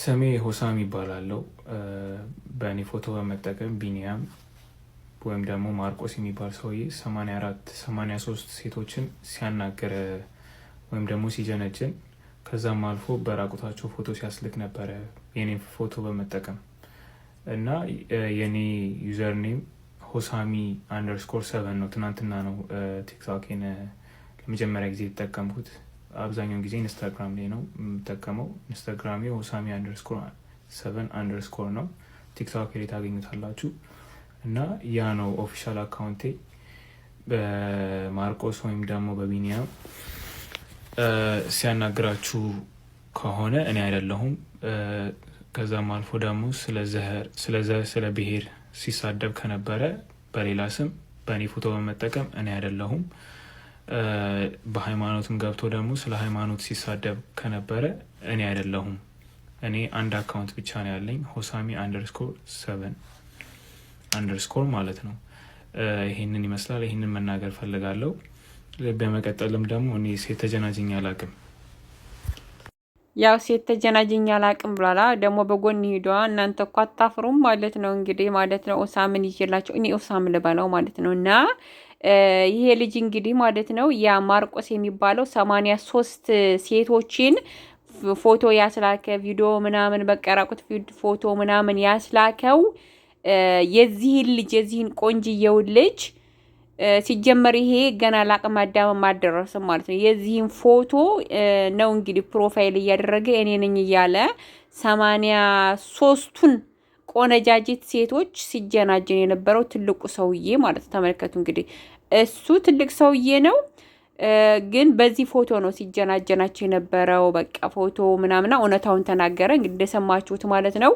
ስሜ ሆሳም ይባላለው። በእኔ ፎቶ በመጠቀም ቢኒያም ወይም ደግሞ ማርቆስ የሚባል ሰውዬ ሰማንያ አራት ሶስት ሴቶችን ሲያናገረ ወይም ደግሞ ሲጀነጅን ከዛም አልፎ በራቁታቸው ፎቶ ሲያስልክ ነበረ የኔ ፎቶ በመጠቀም እና የኔ ዩዘር ኔም ሆሳሚ አንደርስኮር ሰቨን ነው። ትናንትና ነው ቲክቶኬን ለመጀመሪያ ጊዜ የተጠቀምኩት። አብዛኛውን ጊዜ ኢንስታግራም ላይ ነው የምጠቀመው። ኢንስታግራም ሆሳሚ አንደርስኮር ሰቨን አንደርስኮር ነው። ቲክቶክ ላይ ታገኙታላችሁ። እና ያ ነው ኦፊሻል አካውንቴ። በማርቆስ ወይም ደግሞ በቢኒያም ሲያናግራችሁ ከሆነ እኔ አይደለሁም። ከዛም አልፎ ደግሞ ስለ ብሄር ሲሳደብ ከነበረ በሌላ ስም በእኔ ፎቶ በመጠቀም እኔ አይደለሁም። በሃይማኖትም ገብቶ ደግሞ ስለ ሃይማኖት ሲሳደብ ከነበረ እኔ አይደለሁም። እኔ አንድ አካውንት ብቻ ነው ያለኝ ሆሳሚ አንደርስኮር ሰቨን አንደርስኮር ማለት ነው። ይህንን ይመስላል። ይህንን መናገር ፈልጋለሁ። በመቀጠልም ደግሞ እኔ ሴት ተጀናጅኝ አላቅም ያው ሴት ተጀናጅኝ አላቅም ብላላ ደግሞ በጎን ሄዷ። እናንተ እኮ አታፍሩም ማለት ነው። እንግዲህ ማለት ነው ኦሳምን ይችላቸው እኔ ኦሳም ልበለው ማለት ነው እና ይሄ ልጅ እንግዲህ ማለት ነው ያ ማርቆስ የሚባለው ሰማንያ ሶስት ሴቶችን ፎቶ ያስላከ ቪዲዮ ምናምን በቃ ራቁት ፎቶ ምናምን ያስላከው የዚህን ልጅ የዚህን ቆንጅየውን ልጅ ሲጀመር ይሄ ገና ለአቅመ አዳም አልደረሰም ማለት ነው። የዚህን ፎቶ ነው እንግዲህ ፕሮፋይል እያደረገ እኔ ነኝ እያለ ሰማንያ ሶስቱን ቆነጃጅት ሴቶች ሲጀናጀን የነበረው ትልቁ ሰውዬ ማለት ተመልከቱ። እንግዲህ እሱ ትልቅ ሰውዬ ነው፣ ግን በዚህ ፎቶ ነው ሲጀናጀናቸው የነበረው። በቃ ፎቶ ምናምና እውነታውን ተናገረ። እንግዲህ እንደሰማችሁት ማለት ነው።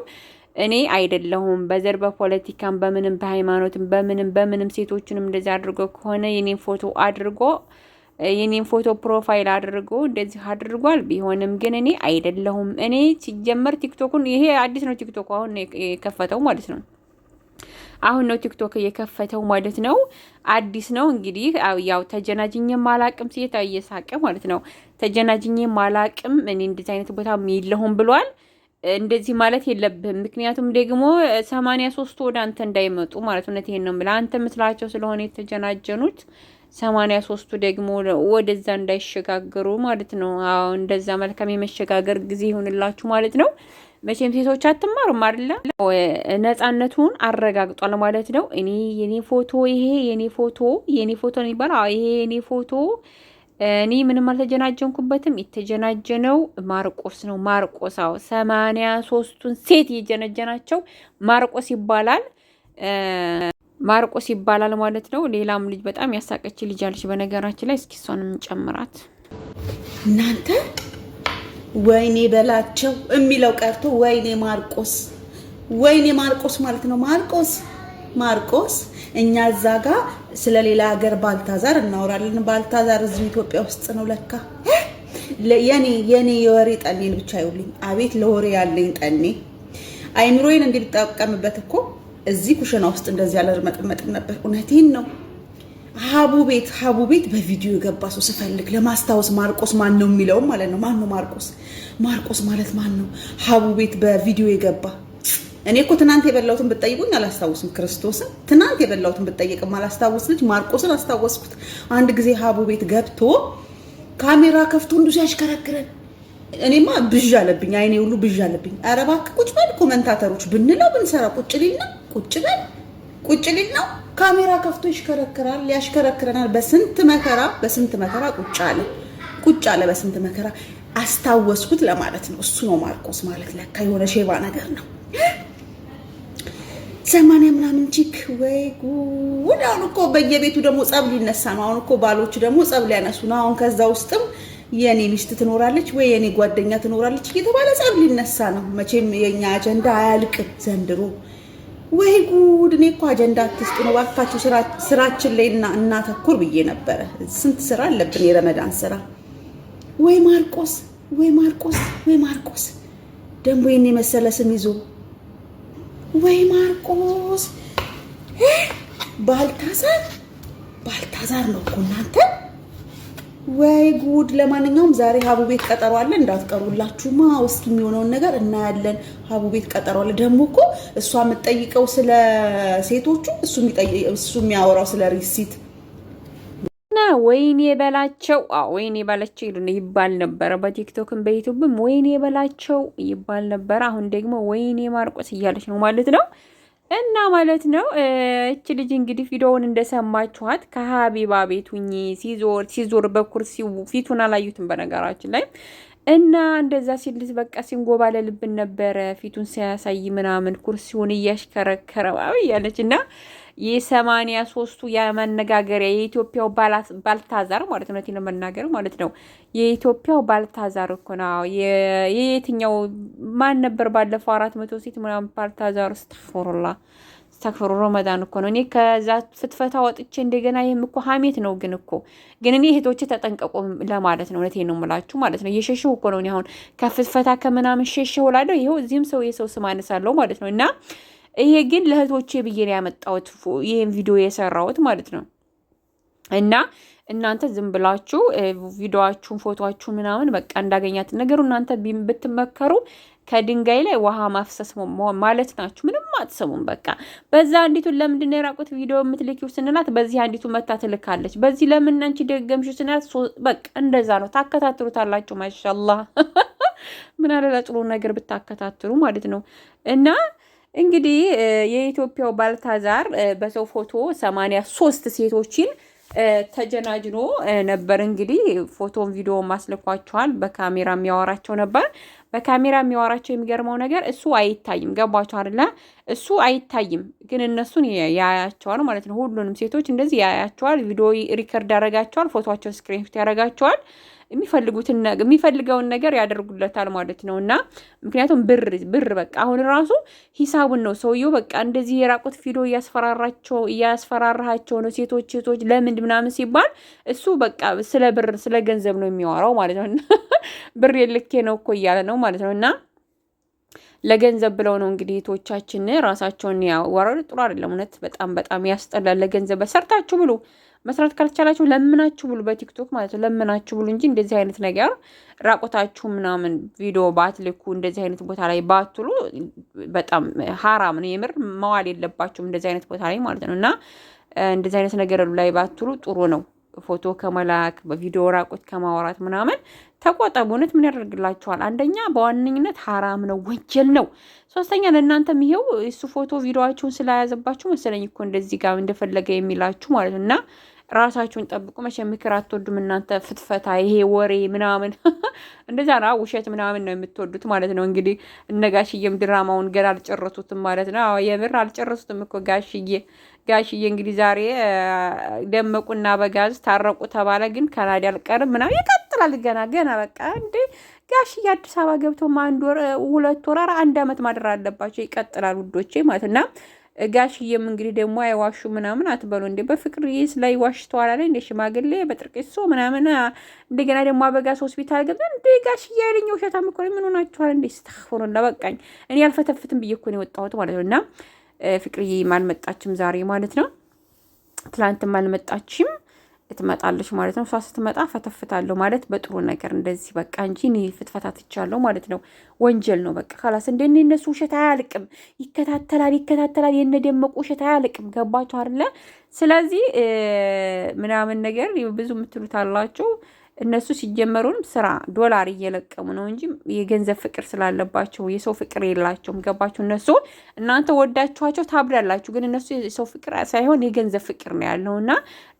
እኔ አይደለሁም በዘር በፖለቲካም በምንም በሃይማኖትም በምንም በምንም ሴቶችንም እንደዚህ አድርጎ ከሆነ የኔን ፎቶ አድርጎ የኔን ፎቶ ፕሮፋይል አድርጎ እንደዚህ አድርጓል። ቢሆንም ግን እኔ አይደለሁም። እኔ ሲጀመር ቲክቶኩን ይሄ አዲስ ነው። ቲክቶክ አሁን የከፈተው ማለት ነው። አሁን ነው ቲክቶክ የከፈተው ማለት ነው። አዲስ ነው እንግዲህ ያው ተጀናጅኝ ማላቅም ሴት እየሳቀ ማለት ነው። ተጀናጅኝ ማላቅም እኔ እንደዚህ አይነት ቦታ የለሁም ብሏል። እንደዚህ ማለት የለብህም። ምክንያቱም ደግሞ ሰማንያ ሶስት ወደ አንተ እንዳይመጡ ማለት እውነት ይሄን ነው የምልህ አንተ ምስላቸው ስለሆነ የተጀናጀኑት ሰማንያ ሶስቱ ደግሞ ወደዛ እንዳይሸጋገሩ ማለት ነው። አዎ እንደዛ መልካም የመሸጋገር ጊዜ ይሁንላችሁ ማለት ነው። መቼም ሴቶች አትማሩም አይደለ? ነጻነቱን አረጋግጧል ማለት ነው። እኔ የኔ ፎቶ ይሄ የኔ ፎቶ የኔ ፎቶ ነው ይባላል። ይሄ የኔ ፎቶ እኔ ምንም አልተጀናጀንኩበትም። የተጀናጀነው ማርቆስ ነው። ማርቆስ አዎ፣ ሰማንያ ሶስቱን ሴት የጀነጀናቸው ማርቆስ ይባላል። ማርቆስ ይባላል ማለት ነው። ሌላም ልጅ በጣም ያሳቀች ልጅ አለች በነገራችን ላይ። እስኪ እሷን ጨምራት እናንተ። ወይኔ በላቸው የሚለው ቀርቶ ወይኔ ማርቆስ፣ ወይኔ ማርቆስ ማለት ነው። ማርቆስ ማርቆስ እኛ እዛ ጋ ስለ ሌላ ሀገር ባልታዛር እናወራለን። ባልታዛር እዚሁ ኢትዮጵያ ውስጥ ነው ለካ። የኔ የኔ የወሬ ጠኔን ብቻ ይውልኝ። አቤት ለወሬ ያለኝ ጠኔ አይምሮዬን እንዲጠቀምበት እኮ እዚህ ኩሽና ውስጥ እንደዚህ ያለ መቅመጥም ነበር። እውነቴን ነው። ሀቡ ቤት ሀቡ ቤት በቪዲዮ የገባ ሰው ስፈልግ ለማስታወስ ማርቆስ ማን ነው የሚለውም ማለት ነው። ማን ነው ማርቆስ? ማርቆስ ማለት ማን ነው? ሀቡ ቤት በቪዲዮ የገባ እኔ እኮ ትናንት የበላሁትን ብጠይቁኝ አላስታውስም። ክርስቶስን ትናንት የበላሁትን ብጠይቅም አላስታውስ ልጅ ማርቆስን አስታወስኩት። አንድ ጊዜ ሀቡ ቤት ገብቶ ካሜራ ከፍቶ እንዱ ሲያሽከረክረን እኔማ ብዥ አለብኝ፣ አይኔ ሁሉ ብዥ አለብኝ። ኧረ እባክህ ቁጭ በል ኮመንታተሮች ብንለው ብንሰራ ቁጭ ሊልና ቁጭ በል ቁጭ ነው። ካሜራ ከፍቶ ይሽከረክራል፣ ያሽከረክረናል። በስንት መከራ በስንት መከራ ቁጭ አለ ቁጭ አለ በስንት መከራ። አስታወስኩት ለማለት ነው። እሱ ነው ማርቆስ ማለት ለካ የሆነ ሼባ ነገር ነው። ሰማንያ ምናምን ቺክ ወይ ጉድ! አሁን እኮ በየቤቱ ደግሞ ጸብ ሊነሳ ነው። አሁን እኮ ባሎች ደግሞ ጸብ ሊያነሱ ነው። አሁን ከዛ ውስጥም የኔ ሚስት ትኖራለች ወይ የኔ ጓደኛ ትኖራለች እየተባለ ጸብ ሊነሳ ነው። መቼም የኛ አጀንዳ አያልቅም ዘንድሮ ወይ ጉድ! እኔ እኮ አጀንዳ አትስጡ ነው ባካችሁ፣ ስራችን ላይ እናተኩር ብዬ ነበረ። ስንት ስራ አለብን፣ የረመዳን ስራ። ወይ ማርቆስ፣ ወይ ማርቆስ፣ ወይ ማርቆስ ደግሞ ይህን የመሰለ ስም ይዞ ወይ ማርቆስ ባልታዛር፣ ባልታዛር ነው እኮ እናንተ ወይ ጉድ! ለማንኛውም ዛሬ ሀቡ ቤት ቀጠሮ አለ፣ እንዳትቀሩላችሁማ። እስኪ የሚሆነውን ነገር እናያለን። ሀቡ ቤት ቀጠሮ አለ። ደግሞ እኮ እሷ የምትጠይቀው ስለ ሴቶቹ፣ እሱ የሚያወራው ስለ ሪሲት ወይኔ በላቸው ወይኔ በላቸው ይባል ነበረ። በቲክቶክም በዩቱብም ወይኔ የበላቸው ይባል ነበረ። አሁን ደግሞ ወይኔ ማርቆስ እያለች ነው ማለት ነው። እና ማለት ነው እች ልጅ እንግዲህ ቪዲዮውን እንደሰማችኋት ከሀቢባ ቤቱኝ ሲዞር ሲዞር በኩር ፊቱን አላዩትም በነገራችን ላይ እና እንደዛ ሲልስ በቃ ሲንጎባለልብን ነበረ ፊቱን ሲያሳይ ምናምን ኩርሲውን እያሽከረከረ እያለች እና የሰማንያ ሶስቱ የመነጋገሪያ የኢትዮጵያው ባልታዛር ማለት ነው ነው መናገር ማለት ነው። የኢትዮጵያው ባልታዛር እኮ ነው። የየትኛው ማን ነበር ባለፈው አራት መቶ ሴት ምናምን ባልታዛር ስተፍሩላ ተክፍሩ ረመዳን እኮ ነው። እኔ ከዛ ፍትፈታ ወጥቼ እንደገና ይህም እኮ ሀሜት ነው። ግን እኮ ግን እኔ እህቶቼ ተጠንቀቁ ለማለት ነው። እውነቴን ነው የምላችሁ ማለት ነው። እየሸሸሁ እኮ ነው አሁን ከፍትፈታ ከምናምን ሸሸሁ እላለሁ። ይኸው እዚህም ሰው የሰው ስም አነሳለሁ ማለት ነው እና ይሄ ግን ለእህቶቼ ብዬ ነው ያመጣሁት ይሄን ቪዲዮ የሰራሁት ማለት ነው። እና እናንተ ዝም ብላችሁ ቪዲዮችሁን ፎቶችሁን ምናምን በቃ እንዳገኛት ነገሩ እናንተ ብትመከሩ ከድንጋይ ላይ ውሃ ማፍሰስ ማለት ናችሁ። ምንም አትሰሙም። በቃ በዛ አንዲቱን ለምንድን የራቁት ቪዲዮ የምትልኪው ስንላት በዚህ አንዲቱ መታ ትልካለች። በዚህ ለምን አንቺ ደገምሽ ስንላት በቃ እንደዛ ነው ታከታትሉታላችሁ። ማሻላ ምን አለላ ጥሩ ነገር ብታከታትሉ ማለት ነው እና እንግዲህ የኢትዮጵያው ባልታዛር በሰው ፎቶ ሰማንያ ሶስት ሴቶችን ተጀናጅኖ ነበር። እንግዲህ ፎቶን ቪዲዮ ማስልኳቸዋል። በካሜራ የሚያወራቸው ነበር። በካሜራ የሚያወራቸው የሚገርመው ነገር እሱ አይታይም። ገባቸው አይደለ? እሱ አይታይም፣ ግን እነሱን ያያቸዋል ማለት ነው። ሁሉንም ሴቶች እንደዚህ ያያቸዋል። ቪዲዮ ሪከርድ ያደረጋቸዋል። ፎቶቸው ስክሪንሾት ያደረጋቸዋል። የሚፈልጉትን የሚፈልገውን ነገር ያደርጉለታል ማለት ነው። እና ምክንያቱም ብር ብር በቃ አሁን ራሱ ሂሳቡን ነው ሰውየው በቃ እንደዚህ የራቁት ፊዶ እያስፈራራቸው እያስፈራራቸው ነው ሴቶች ሴቶች ለምንድ ምናምን ሲባል እሱ በቃ ስለ ብር ስለ ገንዘብ ነው የሚያወራው ማለት ነው። ብር የልኬ ነው እኮ እያለ ነው ማለት ነው እና ለገንዘብ ብለው ነው እንግዲህ ቶቻችን ራሳቸውን ያዋረዱ። ጥሩ አይደለም እውነት። በጣም በጣም ያስጠላል። ለገንዘብ በሰርታችሁ ብሉ መስራት ካልቻላችሁ ለምናችሁ ብሉ፣ በቲክቶክ ማለት ነው። ለምናችሁ ብሉ እንጂ እንደዚህ አይነት ነገር ራቆታችሁ ምናምን ቪዲዮ ባትልኩ፣ እንደዚህ አይነት ቦታ ላይ ባትሉ በጣም ሀራም ነው። የምር መዋል የለባችሁም እንደዚህ አይነት ቦታ ላይ ማለት ነው። እና እንደዚህ አይነት ነገር ላይ ባትሉ ጥሩ ነው። ፎቶ ከመላክ በቪዲዮ ራቆት ከማውራት ምናምን ተቆጠቡ። እውነት ምን ያደርግላችኋል? አንደኛ በዋነኝነት ሀራም ነው፣ ወንጀል ነው። ሶስተኛ ለእናንተም ይሄው እሱ ፎቶ ቪዲዮችሁን ስለያዘባችሁ መሰለኝ እኮ እንደዚህ ጋር እንደፈለገ የሚላችሁ ማለት ነው እና ራሳችሁን ጠብቁ። መቼ ምክር አትወዱም እናንተ ፍትፈታ፣ ይሄ ወሬ ምናምን እንደዛ ነው፣ ውሸት ምናምን ነው የምትወዱት ማለት ነው። እንግዲህ እነ ጋሽዬም ድራማውን ገና አልጨረሱትም ማለት ነው። የምር አልጨረሱትም እኮ ጋሽዬ ጋሽዬ እንግዲህ ዛሬ ደመቁና በጋዝ ታረቁ ተባለ፣ ግን ከናዲ አልቀርም ምናምን ይቀጥላል። ገና ገና በቃ እንዴ ጋሽዬ አዲስ አበባ ገብቶ አንድ ወር ሁለት ወር አንድ ዓመት ማደር አለባቸው። ይቀጥላል ውዶቼ ማለት እና ጋሽዬም እንግዲህ ደግሞ አይዋሹ ምናምን አትበሉ እንዴ በፍቅር ይስ ላይ ዋሽተዋል አለ እንደ ሽማግሌ በጥርቅሶ ምናምን እንደገና ደግሞ አበጋስ ሆስፒታል ገብተን እንዴ ጋሽዬ ያለኝ ውሸታም እኮ ምን ሆናችኋል እንዴ ስተሆኖ በቃኝ እኔ ያልፈተፍትም ብዬ እኮ ነው የወጣሁት ማለት ነው እና ፍቅርዬ አልመጣችም ዛሬ ማለት ነው ትላንትም አልመጣችም ትመጣለች ማለት ነው። እሷ ስትመጣ ፈተፍታለሁ ማለት በጥሩ ነገር እንደዚህ በቃ እንጂ እኔ ፍትፈታ ትቻለሁ ማለት ነው። ወንጀል ነው በቃ ካላስ እንደ እነሱ ውሸት አያልቅም። ይከታተላል ይከታተላል። የነ ደመቁ ውሸት አያልቅም። ገባችሁ አይደለ? ስለዚህ ምናምን ነገር ብዙ የምትሉት አላችሁ። እነሱ ሲጀመሩንም ስራ ዶላር እየለቀሙ ነው እንጂ የገንዘብ ፍቅር ስላለባቸው የሰው ፍቅር የላቸውም። ገባችሁ? እነሱ እናንተ ወዳችኋቸው ታብዳላችሁ፣ ግን እነሱ የሰው ፍቅር ሳይሆን የገንዘብ ፍቅር ነው ያለው እና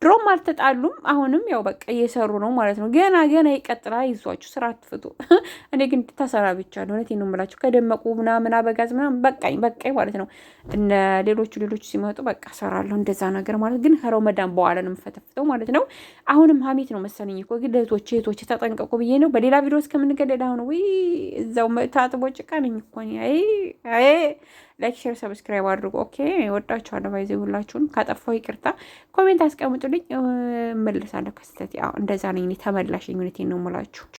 ድሮም አልተጣሉም። አሁንም ያው በቃ እየሰሩ ነው ማለት ነው። ገና ገና ይቀጥላል። ይዟችሁ ስራ አትፍቱ። እኔ ግን ተሰራ ብቻ ነው። እውነቴን ነው የምላችሁ። ከደመቁ ምናምን አበጋዝ ምናምን በቃኝ በቃኝ ማለት ነው። እነ ሌሎቹ ሌሎቹ ሲመጡ በቃ እሰራለሁ እንደዛ ነገር ማለት ግን ከረመዳን በኋላ ነው የምፈተፍተው ማለት ነው። አሁንም ሀሜት ነው መሰለኝ እኮ ግን እህቶቼ እህቶቼ ተጠንቀቁ ብዬ ነው። በሌላ ቪዲዮ እስከምንገደድ አሁን ወይ እዛው ታጥቦ ጭቃ ነኝ እኮ ላይክ፣ ሼር፣ ሰብስክራይብ አድርጉ። ኦኬ ወዳችኋለሁ። ባይዜ ሁላችሁን ካጠፋው ይቅርታ። ኮሜንት አስቀምጡልኝ፣ እመልሳለሁ ከስተት። እንደዛ ነኝ ተመላሽ ዩኒቲ ነው ሙላችሁ